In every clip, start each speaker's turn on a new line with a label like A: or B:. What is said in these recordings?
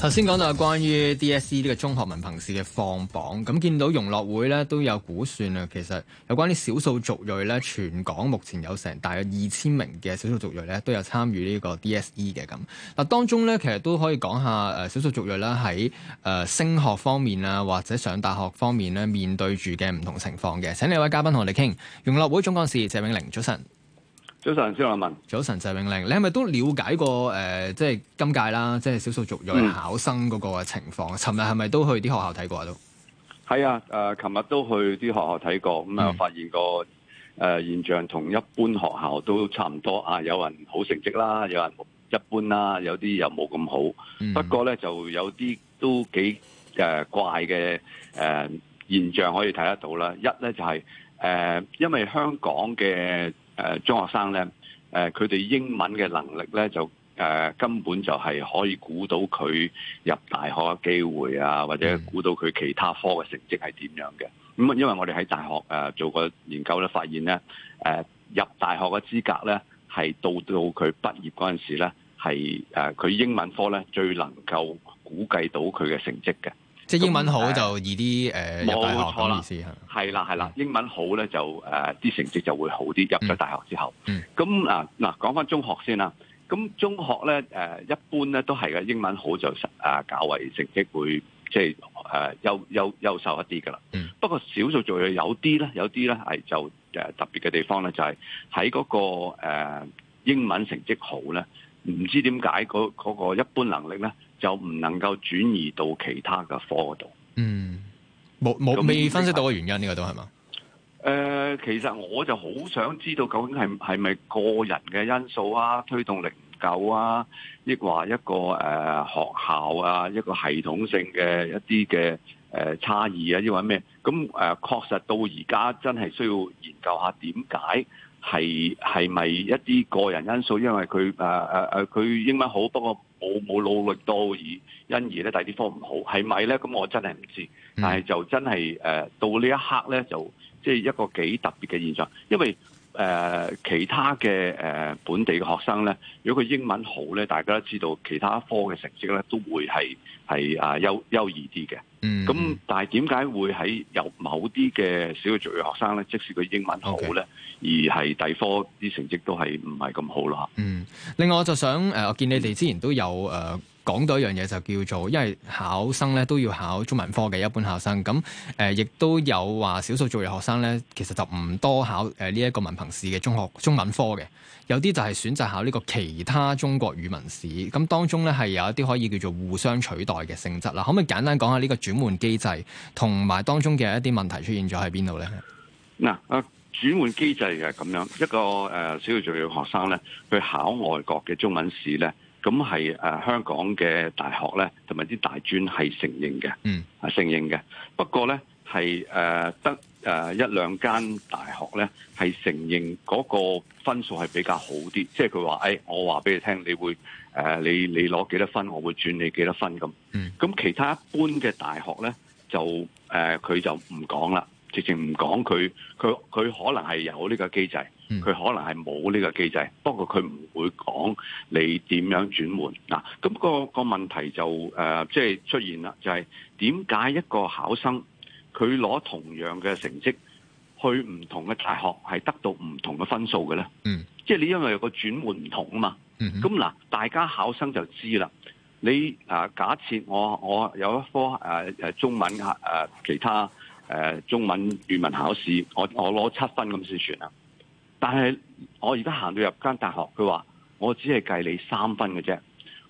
A: 頭先講到係關於 DSE 呢個中學文憑試嘅放榜，咁見到融樂會咧都有估算啊。其實有關啲少數族裔咧，全港目前有成大約二千名嘅少數族裔咧都有參與呢個 DSE 嘅。咁，嗱，當中呢，其實都可以講下誒少數族裔咧喺誒升學方面啊，或者上大學方面咧面對住嘅唔同情況嘅，請呢位嘉賓同我哋傾。融樂會總幹事謝永齡，早晨。
B: 早晨，肖萬文。
A: 早晨，謝永齡。你係咪都了解過誒、呃，即係今屆啦，即係少數族裔考生嗰個情況？尋日係咪都去啲學校睇過都？
B: 係啊，誒、呃，尋日都去啲學校睇過，咁、嗯、啊，嗯、發現個誒、呃、現象同一般學校都差唔多啊，有人好成績啦，有人一般啦，有啲又冇咁好、嗯。不過咧，就有啲都幾誒、呃、怪嘅誒、呃、現象可以睇得到啦。一咧就係、是、誒、呃，因為香港嘅。誒，中學生呢，誒、呃，佢哋英文嘅能力呢，就誒、呃，根本就係可以估到佢入大學嘅機會啊，或者估到佢其他科嘅成績係點樣嘅。咁、嗯、啊，因為我哋喺大學誒、呃、做過研究呢，發現呢誒、呃，入大學嘅資格呢，係到到佢畢業嗰陣時呢，係誒佢英文科呢，最能夠估計到佢嘅成績嘅。
A: 即係英文好就易啲誒入大學，冇錯
B: 啦嗰個，意思係啦係啦，嗯、英文好咧就誒啲、呃、成績就會好啲入咗大學之後，咁嗱嗱講翻中學先啦。咁中學咧誒、呃、一般咧都係嘅英文好就誒、呃、較為成績會即係誒優優優秀一啲㗎啦。不過少數族裔，有啲咧有啲咧係就誒特別嘅地方咧就係喺嗰個，呃、英文成績好咧，唔知點解嗰個一般能力咧？就唔能夠轉移到其他嘅科度。嗯，
A: 冇冇未分析到
B: 嘅原因呢個都係嘛？誒、呃，其實我就好想知道究竟係係咪個人嘅因素啊，推動力唔夠啊，亦話一個誒、呃、學校啊，一個系統性嘅一啲嘅誒差異啊，抑或咩？咁誒、呃、確實到而家真係需要研究下點解係係咪一啲個人因素？因為佢誒誒誒佢英文好，不過。我冇努力多已，而因而咧第啲科唔好，係咪咧？咁我真係唔知，但係就真係誒、呃。到呢一刻咧，就即係、就係、一個幾特別嘅現象，因為。誒、呃、其他嘅誒、呃、本地嘅學生咧，如果佢英文好咧，大家都知道其他科嘅成績咧都會係係啊優優異啲嘅。嗯。咁但係點解會喺有某啲嘅少數族裔學生咧，即使佢英文好咧，okay. 而係第科啲成績都係唔係咁好咯？嚇。嗯。
A: 另外我就想誒、呃，我見你哋之前都有誒。呃講到一樣嘢就叫做，因為考生咧都要考中文科嘅一般考生，咁誒亦都有話少數族裔學生咧，其實就唔多考誒呢一個文憑試嘅中學中文科嘅，有啲就係選擇考呢個其他中國語文試，咁當中咧係有一啲可以叫做互相取代嘅性質啦。可唔可以簡單講下呢個轉換機制同埋當中嘅一啲問題出現咗喺邊度咧？
B: 嗱，誒轉換機制嘅咁樣一個誒少數族裔學生咧，去考外國嘅中文試咧。咁係誒香港嘅大學咧，同埋啲大專係承認嘅，嗯，啊承認嘅。不過咧，係誒、呃、得誒、呃、一兩間大學咧，係承認嗰個分數係比較好啲。即係佢話誒，我話俾你聽，你會誒、呃、你你攞幾多分，我會轉你幾多分咁。嗯，咁其他一般嘅大學咧，就誒佢、呃、就唔講啦，直情唔講佢，佢佢可能係有呢個機制，佢、嗯、可能係冇呢個機制，不過佢唔會講你點樣轉換嗱，咁、那個個問題就誒即係出現啦，就係點解一個考生佢攞同樣嘅成績去唔同嘅大學係得到唔同嘅分數嘅咧？嗯，即、就、係、是、你因為有個轉換唔同啊嘛。嗯，咁嗱，大家考生就知啦。你啊、呃，假設我我有一科誒誒中文啊、呃、其他誒、呃、中文語文考試，我我攞七分咁先算啦。但係，我而家行到入間大學，佢話我只係計你三分嘅啫，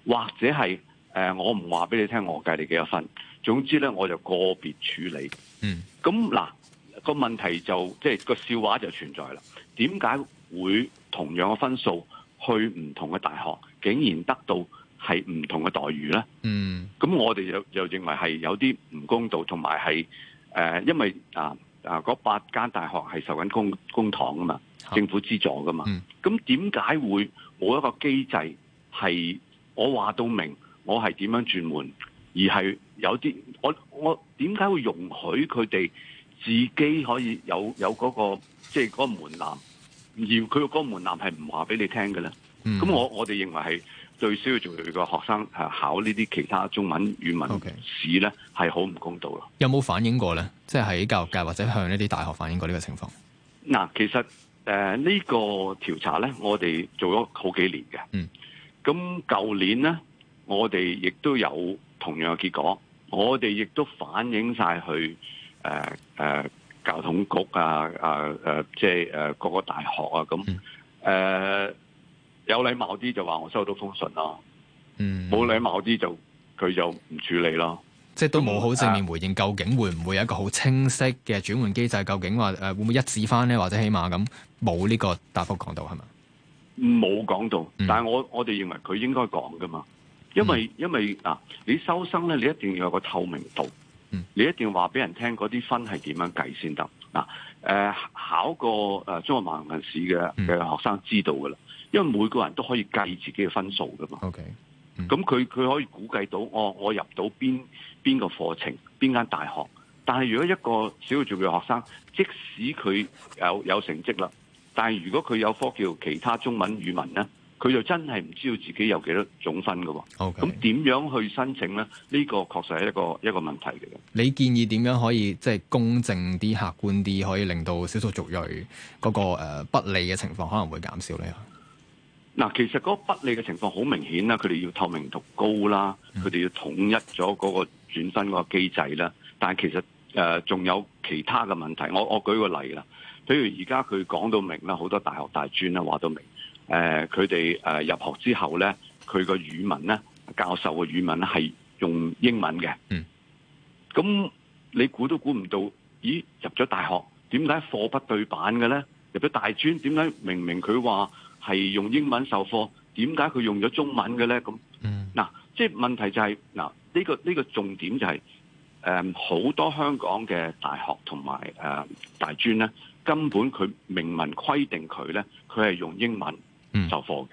B: 或者係誒、呃，我唔話俾你聽，我計你幾多分。總之咧，我就個別處理。嗯，咁嗱、那個問題就即係、就是、個笑話就存在啦。點解會同樣嘅分數去唔同嘅大學，竟然得到係唔同嘅待遇咧？嗯，咁我哋又又認為係有啲唔公道，同埋係誒，因為啊啊嗰八間大學係受緊公、公帑㗎嘛。啊嗯、政府資助噶嘛？咁點解會冇一個機制係我話到明我係點樣轉門，而係有啲我我點解會容許佢哋自己可以有有嗰、那個即係嗰個門檻，而佢個嗰個門檻係唔話俾你聽嘅咧？咁、嗯、我我哋認為係最需要做嘅學生係考呢啲其他中文語文試咧，係好唔公道咯。
A: 有冇反映過咧？即係喺教育界或者向呢啲大學反映過呢個情況？
B: 嗱、啊，其實。誒、呃，這個、調，呢個調查咧，我哋做咗好幾年嘅。嗯，咁舊年咧，我哋亦都有同樣嘅結果，我哋亦都反映晒去誒誒、呃呃、教統局、啊啊誒、呃呃，即係誒、呃、各個大學啊咁。誒、嗯呃、有禮貌啲就話我收到封信囉，嗯，冇禮貌啲就佢就唔處理囉。
A: 即係都冇好正面回應，究會會、究竟會唔會有一個好清晰嘅轉換機制？究竟話誒會唔會一致翻呢？或者起碼咁冇呢個答覆講到係咪？
B: 冇講到，到，嗯、但係我我哋認為佢應該講噶嘛，因為、嗯、因為嗱、啊，你收生咧，你一定要有個透明度，嗯、你一定要話俾人聽嗰啲分係點樣計先得嗱。誒、啊啊，考過誒中國盲文試，嘅嘅學生知道噶啦，嗯，因為每個人都可以計自己嘅分數噶嘛。Okay。咁佢佢可以估計到，我、哦、我入到邊邊個課程，邊間大學？但係如果一個小數族裔學生，即使佢有有成績啦，但係如果佢有科叫其他中文、語文呢，佢就真係唔知道自己有幾多總分嘅。咁、okay，點樣去申請呢？呢、呢個確實係一個一個問題嚟嘅。
A: 你建議點樣可以即係、公正啲、客觀啲，可以令到小數族裔嗰個、呃、不利嘅情況可能會減少呢？
B: 嗱，其實嗰個不利嘅情況好明顯啦，佢哋要透明度高啦，佢哋要統一咗嗰個轉身嗰個機制啦。但係其實誒仲、呃、有其他嘅問題，我我舉個例啦，譬如而家佢講到明啦，好多大學大專啦話到明，誒佢哋誒入學之後咧，佢個語文咧，教授嘅語文咧係用英文嘅。嗯。咁你估都估唔到，咦？入咗大學點解貨不對版嘅咧？入咗大專點解明明佢話？係用英文授課，點解佢用咗中文嘅咧？咁、mm. 嗱，即係問題就係、是、嗱，呢、這個呢、這個重點就係誒好多香港嘅大學同埋誒大專咧，根本佢明文規定佢咧，佢係用英文授課嘅。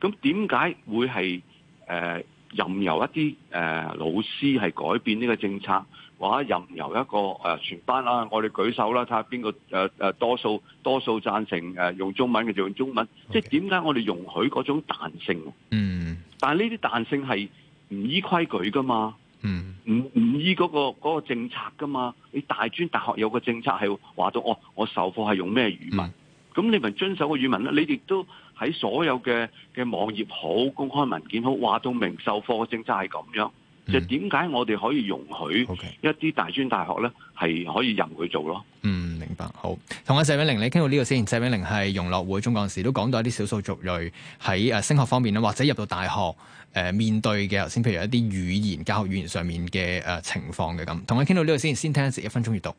B: 咁點解會係誒、呃、任由一啲誒、呃、老師係改變呢個政策？我任由一個誒、呃、全班啦、啊，我哋舉手啦，睇下邊個誒誒多數多數贊成誒、呃、用中文嘅就用中文。Okay. 即係點解我哋容許嗰種彈性？嗯、mm.，但係呢啲彈性係唔依規矩噶嘛？嗯、mm.，唔唔依嗰、嗰個嗰個政策噶嘛？你大專大學有個政策係話到，哦，我授課係用咩語文？咁、mm. 你咪遵守個語文啦。你哋都喺所有嘅嘅網頁好公開文件好話到明授課嘅政策係咁樣。就點解我哋可以容許一啲大專大學咧，係可以任佢做咯？嗯，明白。好，
A: 同阿謝永齡你傾到呢度先。謝永齡係融樂會總幹事，都講到一啲少數族裔喺升學方面或者入到大學、呃、面對嘅先，譬如一啲語言教學語言上面嘅、呃、情況嘅咁。同佢傾到呢度先，先聽一次，一分鐘閲讀。